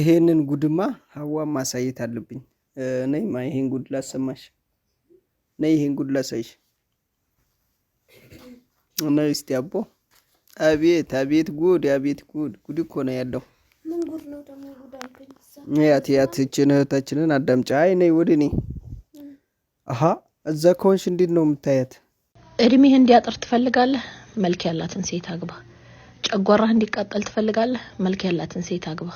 ይሄንን ጉድማ ሀዋ ማሳየት አለብኝ። ነይማ ይሄን ጉድ ላሰማሽ። ነይ ይሄን ጉድ ላሳይሽ። ነይ እስቲ አቦ። አቤት አቤት ጉድ አቤት ጉድ ጉድ እኮ ነው ያለው። ያት ያት እችን እህታችንን አዳምጫ። አይ ነይ ወደ እኔ። አሀ እዛ ከሆንሽ እንዴት ነው የምታያት? እድሜህ እንዲያጥር ትፈልጋለህ? መልክ ያላትን ሴት አግባ። ጨጓራህ እንዲቃጠል ትፈልጋለህ? መልክ ያላትን ሴት አግባ።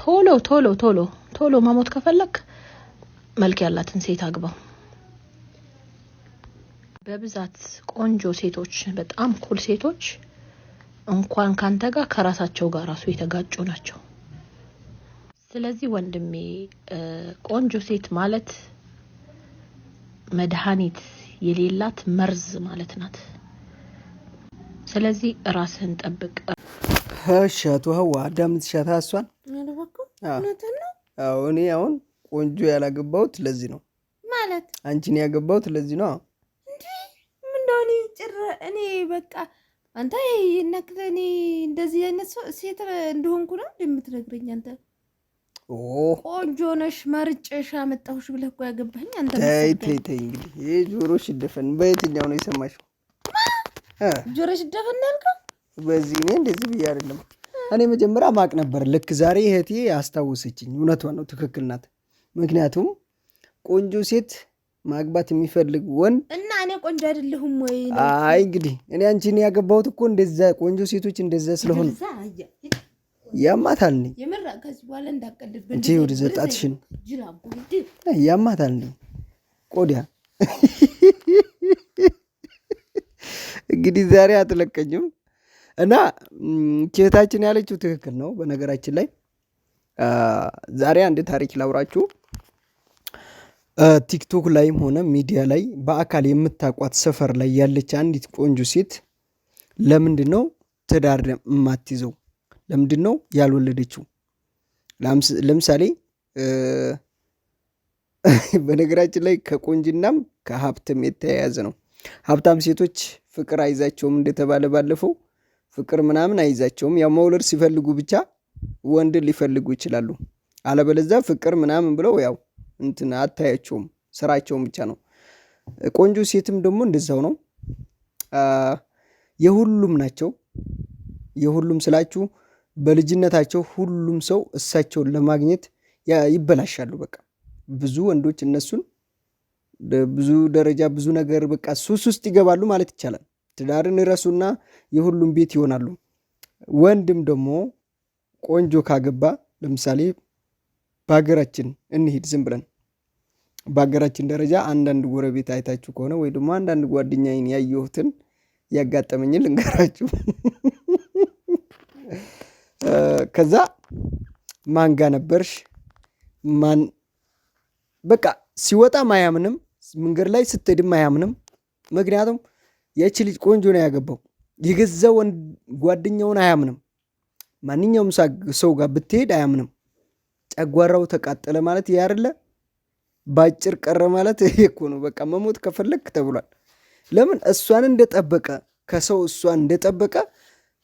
ቶሎ ቶሎ ቶሎ ቶሎ መሞት ከፈለክ መልክ ያላትን ሴት አግባው። በብዛት ቆንጆ ሴቶች፣ በጣም ኩል ሴቶች እንኳን ካንተ ጋር ከራሳቸው ጋር ራሱ የተጋጩ ናቸው። ስለዚህ ወንድሜ ቆንጆ ሴት ማለት መድኃኒት የሌላት መርዝ ማለት ናት። ስለዚህ ራስህን ጠብቅ። እሺ ህዋ ደም እሷን እውነትን ነው። አዎ እኔ አሁን ቆንጆ ያላገባሁት ለዚህ ነው ማለት አንቺን ያገባሁት ለዚህ ነው። ምን እንደሆነ ጭራ እኔ በቃ አንተ ይነክለ እኔ እንደዚህ አይነት ሴት እንደሆንኩ ነው እንደምትነግረኝ አንተ? ቆንጆ ነሽ መርጬሽ አመጣሁሽ ብለህ እኮ ያገባኝ አንተ። ተይ ተይ ተይ እንግዲህ ይህ ጆሮሽ ይደፈን። በየትኛው ነው የሰማሽው? ጆሮሽ ይደፈን ያልከው በዚህ። እኔ እንደዚህ ብዬ አይደለም እኔ መጀመሪያ ማቅ ነበር። ልክ ዛሬ እህቴ አስታወሰችኝ። እውነቷን ነው፣ ትክክል ናት። ምክንያቱም ቆንጆ ሴት ማግባት የሚፈልግ ወንድ እና እኔ ቆንጆ አይደለሁም ወይ? አይ እንግዲህ እኔ አንቺን ያገባሁት እኮ እንደዛ ቆንጆ ሴቶች እንደዛ ስለሆኑ ያማታል ነኝ ወደ ዘጣትሽን ያማታል ነኝ ቆዲያ እንግዲህ ዛሬ አትለቀኝም። እና እህታችን ያለችው ትክክል ነው። በነገራችን ላይ ዛሬ አንድ ታሪክ ላውራችሁ። ቲክቶክ ላይም ሆነ ሚዲያ ላይ በአካል የምታቋት ሰፈር ላይ ያለች አንዲት ቆንጆ ሴት ለምንድን ነው ትዳር የማትይዘው? ለምንድን ነው ያልወለደችው? ለምሳሌ በነገራችን ላይ ከቆንጅናም ከሀብትም የተያያዘ ነው። ሀብታም ሴቶች ፍቅር አይዛቸውም እንደተባለ ባለፈው ፍቅር ምናምን አይዛቸውም። ያው መውለድ ሲፈልጉ ብቻ ወንድ ሊፈልጉ ይችላሉ። አለበለዚያ ፍቅር ምናምን ብለው ያው እንትን አታያቸውም። ስራቸውን ብቻ ነው። ቆንጆ ሴትም ደግሞ እንደዛው ነው። የሁሉም ናቸው። የሁሉም ስላችሁ በልጅነታቸው ሁሉም ሰው እሳቸውን ለማግኘት ይበላሻሉ። በቃ ብዙ ወንዶች እነሱን ብዙ ደረጃ ብዙ ነገር በቃ ሱስ ውስጥ ይገባሉ ማለት ይቻላል። ትዳርን ረሱና የሁሉም ቤት ይሆናሉ። ወንድም ደግሞ ቆንጆ ካገባ ለምሳሌ በሀገራችን እንሂድ ዝም ብለን በሀገራችን ደረጃ አንዳንድ ጎረቤት አይታችሁ ከሆነ ወይ ደግሞ አንዳንድ ጓደኛዬን ያየሁትን ያጋጠመኝን ልንገራችሁ። ከዛ ማንጋ ነበርሽ? ማን በቃ ሲወጣ አያምንም፣ መንገድ ላይ ስትሄድም አያምንም። ምክንያቱም የእች ልጅ ቆንጆ ነው ያገባው። የገዛ ጓደኛውን አያምንም። ማንኛውም ሰው ጋር ብትሄድ አያምንም። ጨጓራው ተቃጠለ ማለት ይህ አይደለ? ቀረ ማለት ይሄ እኮ ነው። በቃ መሞት ከፈለግ ተብሏል። ለምን እሷን እንደጠበቀ ከሰው እሷን እንደጠበቀ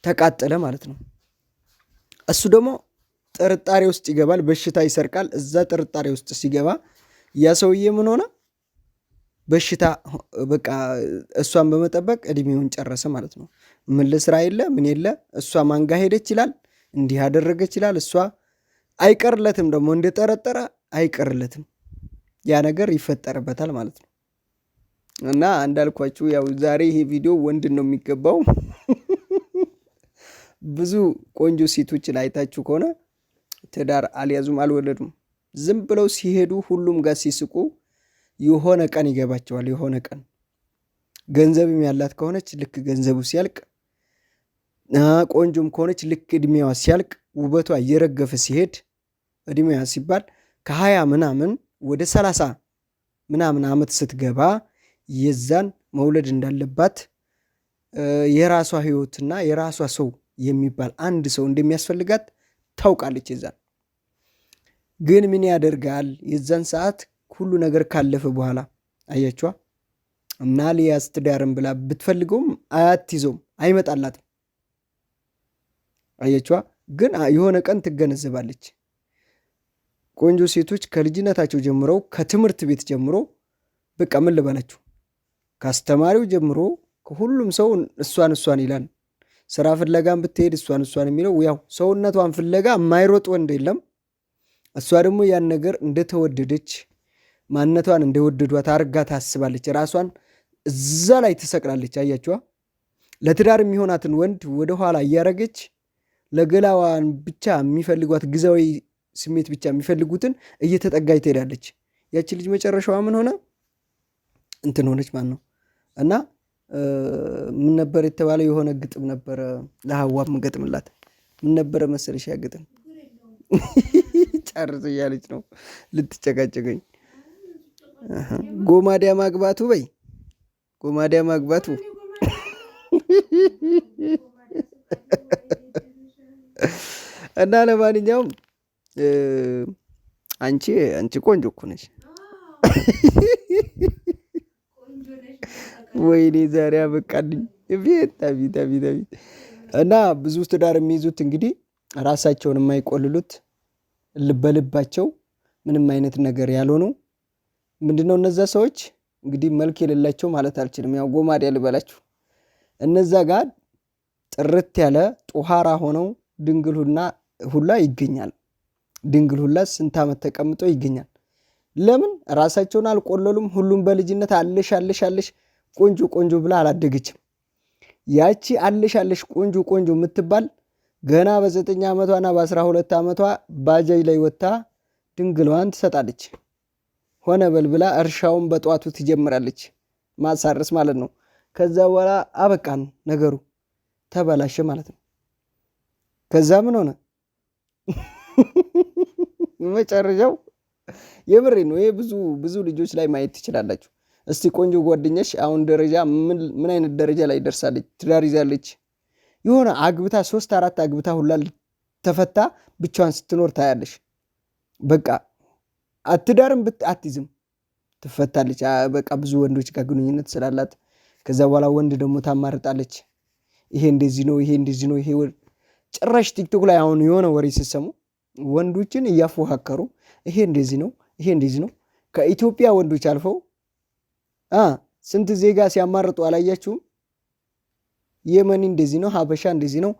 ተቃጠለ ማለት ነው። እሱ ደግሞ ጥርጣሬ ውስጥ ይገባል፣ በሽታ ይሰርቃል። እዛ ጥርጣሬ ውስጥ ሲገባ ያ ሰውዬ ምን ሆነ? በሽታ በቃ እሷን በመጠበቅ እድሜውን ጨረሰ ማለት ነው። ምል ስራ የለ ምን የለ እሷ ማንጋ ሄደች ይላል፣ እንዲህ ያደረገች ይላል። እሷ አይቀርለትም ደግሞ እንደጠረጠረ አይቀርለትም፣ ያ ነገር ይፈጠርበታል ማለት ነው። እና እንዳልኳችሁ ያው ዛሬ ይሄ ቪዲዮ ወንድን ነው የሚገባው። ብዙ ቆንጆ ሴቶችን አይታችሁ ከሆነ ትዳር አልያዙም አልወለዱም፣ ዝም ብለው ሲሄዱ ሁሉም ጋር ሲስቁ የሆነ ቀን ይገባቸዋል። የሆነ ቀን ገንዘብም ያላት ከሆነች ልክ ገንዘቡ ሲያልቅ፣ ቆንጆም ከሆነች ልክ እድሜዋ ሲያልቅ፣ ውበቷ እየረገፈ ሲሄድ እድሜዋ ሲባል ከሀያ ምናምን ወደ ሰላሳ ምናምን ዓመት ስትገባ የዛን መውለድ እንዳለባት የራሷ ህይወትና የራሷ ሰው የሚባል አንድ ሰው እንደሚያስፈልጋት ታውቃለች። የዛን ግን ምን ያደርጋል የዛን ሰዓት ሁሉ ነገር ካለፈ በኋላ አያችዋ እና ሊያስ ብላ ብትፈልገውም አያትይዘውም፣ አይመጣላትም። አያችዋ ግን የሆነ ቀን ትገነዘባለች። ቆንጆ ሴቶች ከልጅነታቸው ጀምረው ከትምህርት ቤት ጀምሮ በቃ ምን ልበላችሁ ከአስተማሪው ጀምሮ ከሁሉም ሰው እሷን እሷን ይላል። ስራ ፍለጋም ብትሄድ እሷን እሷን የሚለው ያው ሰውነቷን ፍለጋ የማይሮጥ ወንድ የለም። እሷ ደግሞ ያን ነገር እንደተወደደች ማንነቷን እንደወደዷት አርጋ ታስባለች። ራሷን እዛ ላይ ትሰቅላለች። አያችዋ ለትዳር የሚሆናትን ወንድ ወደኋላ እያረገች ለገላዋን ብቻ የሚፈልጓት ጊዜያዊ ስሜት ብቻ የሚፈልጉትን እየተጠጋች ትሄዳለች። ያቺ ልጅ መጨረሻዋ ምን ሆነ? እንትን ሆነች ማለት ነው። እና ምን ነበር የተባለው? የሆነ ግጥም ነበረ ለሀዋ ምገጥምላት ምን ነበረ መሰለሽ? ያ ግጥም ጨርስ እያለች ነው ልትጨቃጨቀኝ ጎማዳ ማግባቱ በይ ጎማዳ ማግባቱ እና ለማንኛውም አንቺ አንቺ ቆንጆ እኮ ነች። ወይኔ ዛሬ አበቃልኝ። ቤት እና ብዙ ትዳር የሚይዙት እንግዲህ ራሳቸውን የማይቆልሉት በልባቸው ምንም አይነት ነገር ያልሆነው ምንድነው እነዛ ሰዎች እንግዲህ መልክ የሌላቸው ማለት አልችልም፣ ያው ጎማድ ያልበላችሁ እነዛ ጋር ጥርት ያለ ጦሃራ ሆነው ሁና ሁላ ይገኛል። ድንግል ሁላ ስንት ዓመት ተቀምጦ ይገኛል። ለምን ራሳቸውን አልቆለሉም? ሁሉም በልጅነት አለሽ አለሽ አለሽ ቆንጆ ቆንጆ ብላ አላደገችም። ያቺ አለሽ አለሽ ቆንጆ ቆንጆ የምትባል ገና በዘጠኝ ዓመቷና በአስራ ሁለት ዓመቷ ባጃጅ ላይ ወጥታ ድንግልዋን ትሰጣለች። ሆነ በል ብላ እርሻውን በጠዋቱ ትጀምራለች፣ ማሳረስ ማለት ነው። ከዛ በኋላ አበቃን ነገሩ ተበላሸ ማለት ነው። ከዛ ምን ሆነ መጨረሻው? የምሬ ነው። ይሄ ብዙ ብዙ ልጆች ላይ ማየት ትችላላችሁ። እስቲ ቆንጆ ጓደኛሽ አሁን ደረጃ ምን አይነት ደረጃ ላይ ደርሳለች? ትዳር ይዛለች፣ የሆነ አግብታ ሶስት አራት አግብታ ሁላ ተፈታ ብቻዋን ስትኖር ታያለሽ። በቃ አትዳርም አትይዝም ትፈታለች። በቃ ብዙ ወንዶች ጋር ግንኙነት ስላላት ከዛ በኋላ ወንድ ደግሞ ታማርጣለች። ይሄ እንደዚህ ነው፣ ይሄ እንደዚህ ነው፣ ይሄ ጭራሽ ቲክቶክ ላይ አሁን የሆነ ወሬ ሲሰሙ ወንዶችን እያፎካከሩ ይሄ እንደዚህ ነው፣ ይሄ እንደዚህ ነው። ከኢትዮጵያ ወንዶች አልፈው ስንት ዜጋ ሲያማርጡ አላያችሁም? የመኒ እንደዚህ ነው፣ ሀበሻ እንደዚህ ነው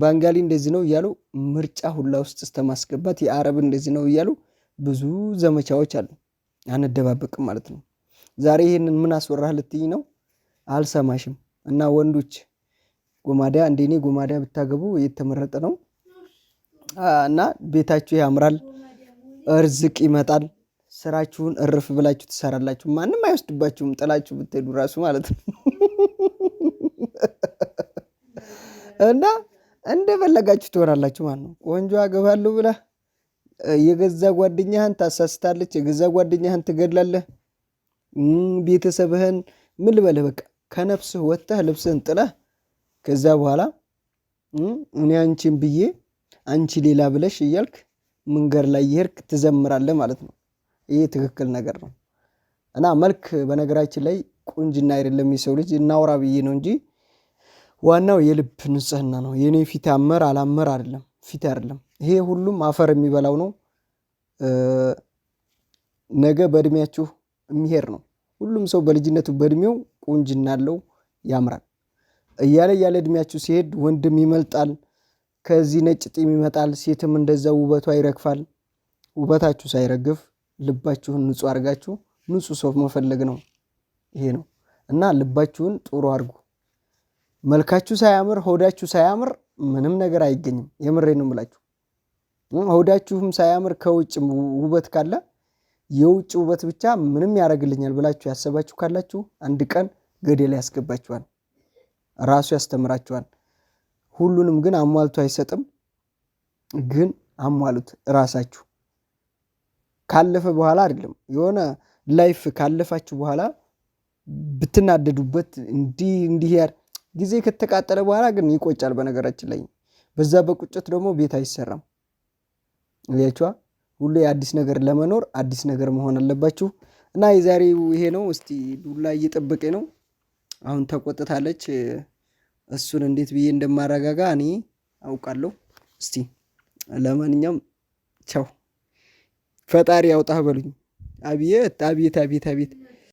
ባንጋሊ እንደዚህ ነው እያሉ ምርጫ ሁላ ውስጥ እስተማስገባት የአረብ እንደዚህ ነው እያሉ ብዙ ዘመቻዎች አሉ። አንደባበቅም ማለት ነው። ዛሬ ይህንን ምን አስወራህ ልትይኝ ነው? አልሰማሽም። እና ወንዶች ጎማዳ እንደኔ ጎማዳ ብታገቡ የተመረጠ ነው እና ቤታችሁ ያምራል፣ እርዝቅ ይመጣል፣ ስራችሁን እርፍ ብላችሁ ትሰራላችሁ። ማንም አይወስድባችሁም፣ ጥላችሁ ብትሄዱ ራሱ ማለት ነው እና እንደፈለጋችሁ ትሆናላችሁ ማለት ነው። ቆንጆ አገባለሁ ብለህ የገዛ ጓደኛህን ታሳስታለች፣ የገዛ ጓደኛህን ትገድላለህ፣ ቤተሰብህን ምን ልበልህ፣ በቃ ከነፍስህ ወጥተህ ልብስህን ጥለህ ከዛ በኋላ እኔ አንቺን ብዬ አንቺ ሌላ ብለሽ እያልክ መንገድ ላይ የሄድክ ትዘምራለህ ማለት ነው። ይህ ትክክል ነገር ነው እና መልክ በነገራችን ላይ ቁንጅና አይደለም የሰው ልጅ እናውራ ብዬ ነው እንጂ ዋናው የልብ ንጽህና ነው። የእኔ ፊት አመር አላመር አይደለም፣ ፊት አይደለም። ይሄ ሁሉም አፈር የሚበላው ነው። ነገ በእድሜያችሁ የሚሄድ ነው። ሁሉም ሰው በልጅነቱ በእድሜው ቁንጅና አለው፣ ያምራል። እያለ እያለ እድሜያችሁ ሲሄድ ወንድም ይመልጣል፣ ከዚህ ነጭ ጢም ይመጣል። ሴትም እንደዛ ውበቷ ይረግፋል። ውበታችሁ ሳይረግፍ ልባችሁን ንጹህ አድርጋችሁ ንጹህ ሰው መፈለግ ነው። ይሄ ነው እና ልባችሁን ጥሩ አድርጉ። መልካችሁ ሳያምር ሆዳችሁ ሳያምር ምንም ነገር አይገኝም። የምሬ ነው የምላችሁ። ሆዳችሁም ሳያምር ከውጭ ውበት ካለ የውጭ ውበት ብቻ ምንም ያደርግልኛል ብላችሁ ያሰባችሁ ካላችሁ አንድ ቀን ገደል ያስገባችኋል። ራሱ ያስተምራችኋል። ሁሉንም ግን አሟልቶ አይሰጥም። ግን አሟሉት ራሳችሁ ካለፈ በኋላ አይደለም። የሆነ ላይፍ ካለፋችሁ በኋላ ብትናደዱበት እንዲህ እንዲህ ጊዜ ከተቃጠለ በኋላ ግን ይቆጫል። በነገራችን ላይ በዛ በቁጭት ደግሞ ቤት አይሰራም። እያችኋ ሁሉ አዲስ ነገር ለመኖር አዲስ ነገር መሆን አለባችሁ። እና የዛሬው ይሄ ነው። እስቲ ዱላ እየጠበቀ ነው። አሁን ተቆጥታለች። እሱን እንዴት ብዬ እንደማረጋጋ እኔ አውቃለሁ። እስቲ ለማንኛውም ቻው፣ ፈጣሪ ያውጣህ በሉኝ። አብየት አብየት አብየት አብየት